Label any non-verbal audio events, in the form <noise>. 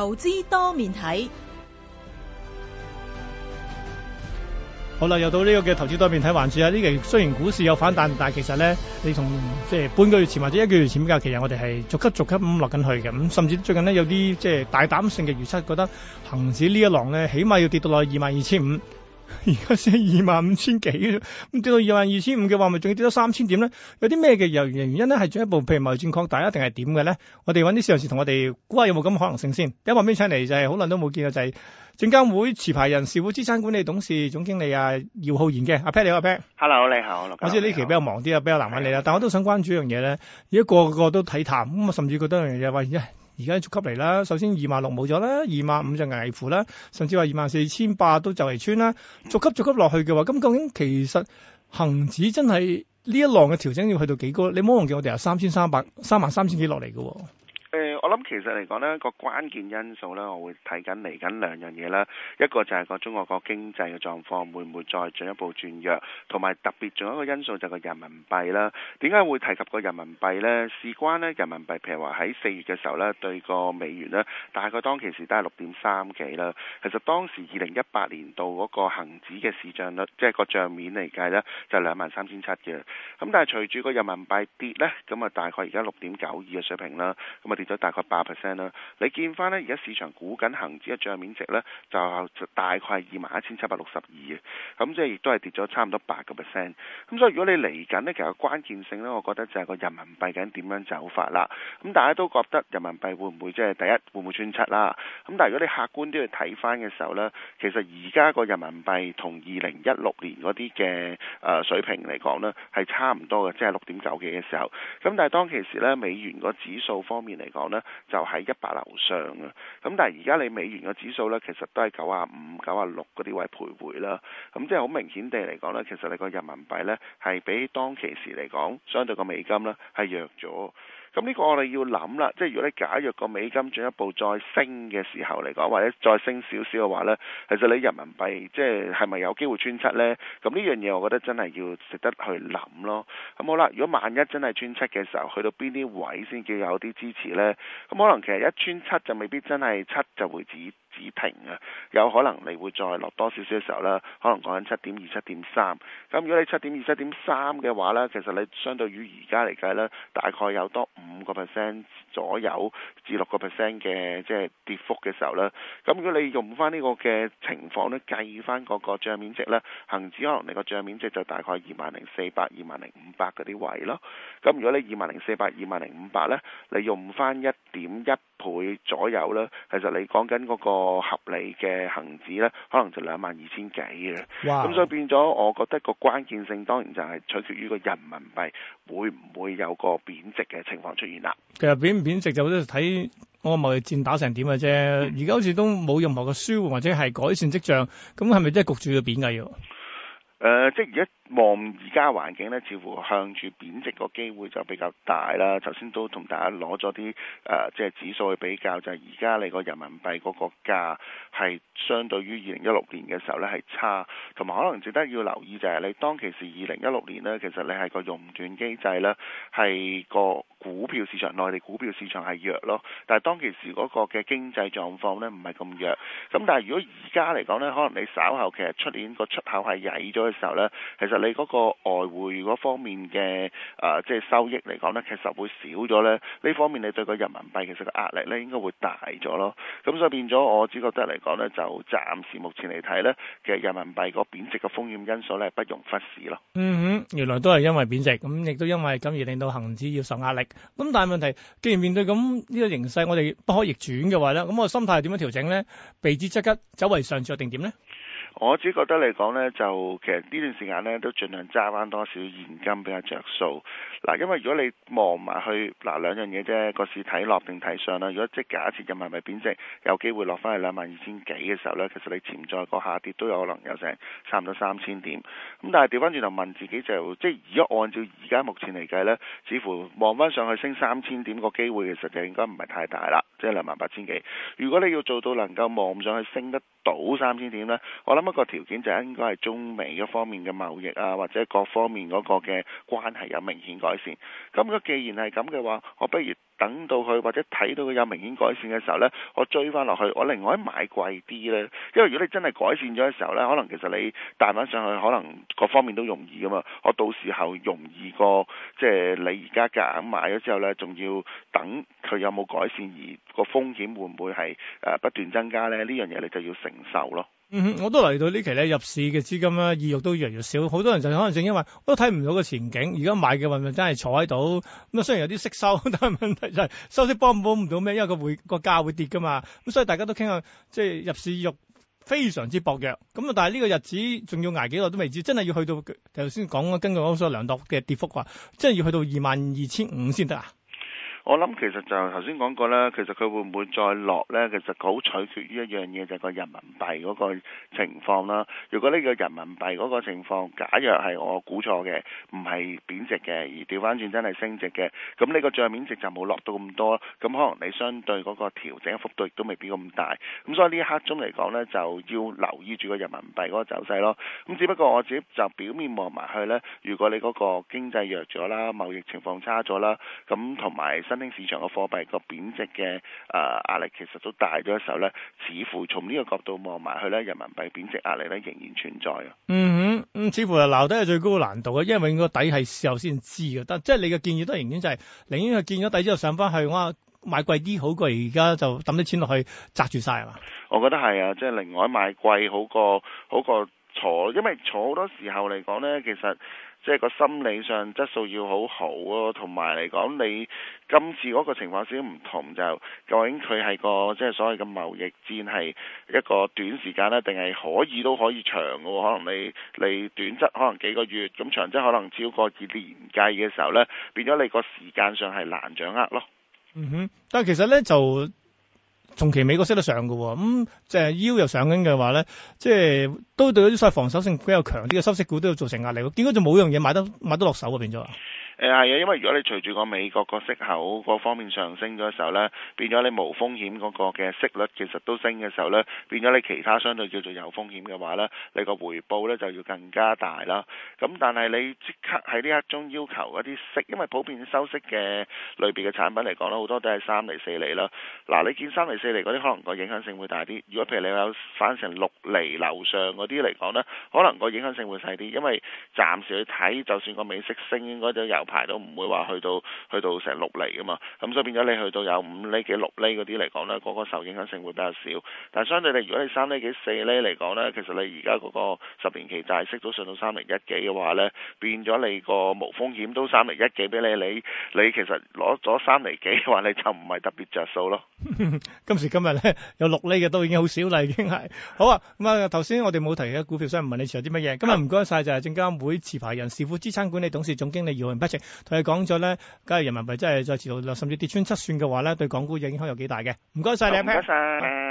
投資多面睇，好啦，又到呢個嘅投資多面睇環節啦。呢期雖然股市有反彈，但係其實咧，你從即係半個月前或者一個月前比較，其實我哋係逐級逐級咁落緊去嘅。咁甚至最近呢，有啲即係大膽性嘅預測，覺得恒指呢一浪咧起碼要跌到落二萬二千五。而家先二萬五千幾，咁跌 <laughs> 到二萬二千五嘅話，咪仲要跌到三千點咧？有啲咩嘅由原因咧？係進一步譬如貿易戰擴大，定係點嘅咧？我哋揾啲市場人士同我哋估下有冇咁嘅可能性先。一百 m i l 請嚟就係好耐都冇見嘅，就係、是、證、就是、監會持牌人士時富資產管理董事總經理啊，姚浩然嘅。阿 Pat 你好，阿 Pat，Hello 你好。我知呢期比較忙啲啊，好比較難揾你啦。的但我都想關注一樣嘢咧，而家個，個個都睇淡，咁啊甚至覺得一樣嘢或而家逐級嚟啦，首先二萬六冇咗啦，二萬五就危乎啦，甚至話二萬四千八都就嚟穿啦，逐級逐級落去嘅話，咁究竟其實恆指真係呢一浪嘅調整要去到幾高？你唔好忘記我哋由三千三百三萬三千幾落嚟嘅。我諗其實嚟講呢個關鍵因素呢，我會睇緊嚟緊兩樣嘢啦。一個就係個中國個經濟嘅狀況會唔會再進一步轉弱，同埋特別仲有一個因素就係個人民幣啦。點解會提及個人民幣呢？事關呢，人民幣譬如話喺四月嘅時候呢，對個美元呢，大概當其時都係六點三幾啦。其實當時二零一八年度嗰個恆指嘅市賬率，即係個帳面嚟計呢，就係兩萬三千七嘅。咁但係隨住個人民幣跌呢，咁啊大概而家六點九二嘅水平啦，咁啊跌咗大大概八 percent 啦，你見翻呢，而家市場估緊恒指嘅帳面值呢，就大概二萬一千七百六十二嘅，咁即係亦都係跌咗差唔多八個 percent。咁、嗯、所以如果你嚟緊呢，其實關鍵性呢，我覺得就係個人民幣緊點樣走法啦。咁、嗯、大家都覺得人民幣會唔會即係第一會唔會穿七啦？咁、嗯、但係如果你客觀都要睇翻嘅時候呢，其實而家個人民幣同二零一六年嗰啲嘅誒水平嚟講呢，係差唔多嘅，即係六點九幾嘅時候。咁、嗯、但係當其時呢，美元個指數方面嚟講呢，就喺一百樓上啊，咁但係而家你美元嘅指數咧，其實都係九啊五、九啊六嗰啲位徘徊啦，咁即係好明顯地嚟講咧，其實你個人民幣咧係比當其時嚟講，相對個美金咧係弱咗。咁呢個我哋要諗啦，即係如果你假若個美金進一步再升嘅時候嚟講，或者再升少少嘅話呢，其實你人民幣即係係咪有機會穿七呢？咁呢樣嘢我覺得真係要值得去諗咯。咁好啦，如果萬一真係穿七嘅時候，去到邊啲位先叫有啲支持呢？咁可能其實一穿七就未必真係七就會止。止停啊！有可能你會再落多少少嘅時候呢，可能講緊七點二、七點三。咁如果你七點二、七點三嘅話呢，其實你相對於而家嚟計呢，大概有多五個 percent 左右至六個 percent 嘅即係跌幅嘅時候呢。咁如果你用翻呢個嘅情況呢，計翻嗰個帳面值呢，恒指可能你個帳面值就大概二萬零四百、二萬零五百嗰啲位咯。咁如果你二萬零四百、二萬零五百呢，你用翻一點一倍左右啦，其實你講緊嗰個合理嘅恆指咧，可能就兩萬二千幾啦。咁哇、嗯、所以變咗，我覺得個關鍵性當然就係取決於個人民幣會唔會有個貶值嘅情況出現啦。其實貶唔貶值就好似睇我貿易戰打成點嘅啫。而家、嗯、好似都冇任何嘅舒緩或者係改善跡象，咁係咪真係焗住要貶嘅？要？誒，即係而家。望而家環境咧，似乎向住貶值個機會就比較大啦。頭先都同大家攞咗啲誒，即係指數去比較，就係而家你個人民幣個個價係相對於二零一六年嘅時候咧係差，同埋可能值得要留意就係、是、你當其時二零一六年呢，其實你係個熔斷機制啦，係個股票市場內地股票市場係弱咯，但係當其時嗰個嘅經濟狀況呢唔係咁弱，咁但係如果而家嚟講呢，可能你稍後其實出年個出口係曳咗嘅時候呢，其實。你嗰個外匯嗰方面嘅啊、呃，即係收益嚟講呢，其實會少咗呢。呢方面你對個人民幣其實嘅壓力咧，應該會大咗咯。咁所以變咗，我只覺得嚟講呢，就暫時目前嚟睇呢，其實人民幣個貶值嘅風險因素呢，不容忽視咯、嗯。嗯哼，原來都係因為貶值，咁亦都因為咁而令到恒指要受壓力。咁但係問題，既然面對咁呢個形勢，我哋不可逆轉嘅話呢，咁我嘅心態點樣調整呢？避之則吉，走為上著定點呢？我只覺得嚟講呢，就其實呢段時間呢都盡量揸翻多少現金比較着數。嗱、啊，因為如果你望埋去嗱、啊、兩樣嘢啫，個市睇落定睇上啦。如果即係假設咁係咪變成，有機會落翻去兩萬二千幾嘅時候呢，其實你潛在個下跌都有可能有成差唔多三千點。咁、嗯、但係調翻轉頭問自己就，即係如果按照而家目前嚟計呢，似乎望翻上去升三千點個機會其實係應該唔係太大啦，即係兩萬八千幾。如果你要做到能夠望上去升得到三千點呢。我咁一個條件就應該係中美一方面嘅貿易啊，或者各方面嗰個嘅關係有明顯改善。咁如果既然係咁嘅話，我不如等到佢或者睇到佢有明顯改善嘅時候呢，我追翻落去，我另外買貴啲呢，因為如果你真係改善咗嘅時候呢，可能其實你彈翻上去，可能各方面都容易噶嘛。我到時候容易過，即係你而家夾硬買咗之後呢，仲要等佢有冇改善，而個風險會唔會係誒不斷增加呢？呢樣嘢你就要承受咯。嗯，我都嚟到呢期咧，入市嘅資金啦，意欲都越嚟越少。好多人就可能正因為都睇唔到個前景，而家買嘅話咪真係坐喺度咁啊。雖然有啲息收，但係問題就係收息幫唔到咩，因為佢會個價會跌噶嘛。咁所以大家都傾下，即係入市意欲非常之薄弱。咁啊，但係呢個日子仲要挨幾耐都未知，真係要去到頭先講，根據我所量度嘅跌幅話，真係要去到二萬二千五先得啊。我諗其實就頭先講過啦，其實佢會唔會再落呢？其實好取決於一樣嘢，就係個人民幣嗰個情況啦。如果呢個人民幣嗰個情況，假若係我估錯嘅，唔係貶值嘅，而調翻轉真係升值嘅，咁呢個帳面值就冇落到咁多，咁可能你相對嗰個調整幅度亦都未必咁大。咁所以呢一刻中嚟講呢，就要留意住個人民幣嗰個走勢咯。咁只不過我自己就表面望埋去呢，如果你嗰個經濟弱咗啦，貿易情況差咗啦，咁同埋新市場嘅貨幣個貶值嘅誒壓力其實都大咗一候咧，似乎從呢個角度望埋去咧，人民幣貶值壓力咧仍然存在啊、嗯。嗯哼，咁似乎係留低係最高嘅難度嘅，因為個底係事後先知嘅。但即係你嘅建議都仍然就係，寧願佢見咗底之後上翻去，我買貴啲好過而家就抌啲錢落去揸住晒係嘛？我覺得係啊，即係另外買貴好過好過坐，因為坐好多時候嚟講咧，其實。即係個心理上質素要好好啊，同埋嚟講你今次嗰個情況有少少唔同就，究竟佢係個即係所謂嘅貿易戰係一個短時間呢，定係可以都可以長嘅，可能你你短則可能幾個月，咁長則可能超過幾年計嘅時候呢，變咗你個時間上係難掌握咯。嗯哼，但係其實呢，就。中期美國升得上嘅，咁即係腰又上緊嘅話咧，即係都對一啲所謂防守性比較強啲嘅收息股都要造成壓力。結果就冇一樣嘢買得買得落手啊，變咗誒係啊，因為如果你隨住個美國個息口各方面上升咗時候呢，變咗你無風險嗰個嘅息率其實都升嘅時候呢，變咗你其他相對叫做有風險嘅話呢，你個回報呢就要更加大啦。咁但係你即刻喺呢一刻中要求一啲息，因為普遍收息嘅類別嘅產品嚟講呢，好多都係三厘四厘啦。嗱，你見三厘四厘嗰啲可能個影響性會大啲。如果譬如你有返成六厘樓上嗰啲嚟講呢，可能個影響性會細啲，因為暫時去睇，就算個美息升，應該都有。排都唔會話去到去到成六厘噶嘛，咁、啊、所以變咗你去到有五厘幾六厘嗰啲嚟講呢，嗰、那個受影響性會比較少。但係相對你，如果你三厘幾四厘嚟講呢，其實你而家嗰個十年期債息都上到三厘一幾嘅話呢，變咗你個無風險都三厘一幾俾你，你你其實攞咗三厘幾嘅話，你就唔係特別着數咯。 <laughs> 今時今日呢，有六厘嘅都已經好少啦，已經係。好啊，咁啊頭先我哋冇提及股票，所以唔問你除咗啲乜嘢。今日唔該晒就係證監會持牌人、時富資產管理董事總經理姚浩然。同你講咗咧，假如人民幣真係再持續回落，甚至跌穿七算嘅話咧，對港股嘅影響有幾大嘅？唔該晒，你，唔該曬。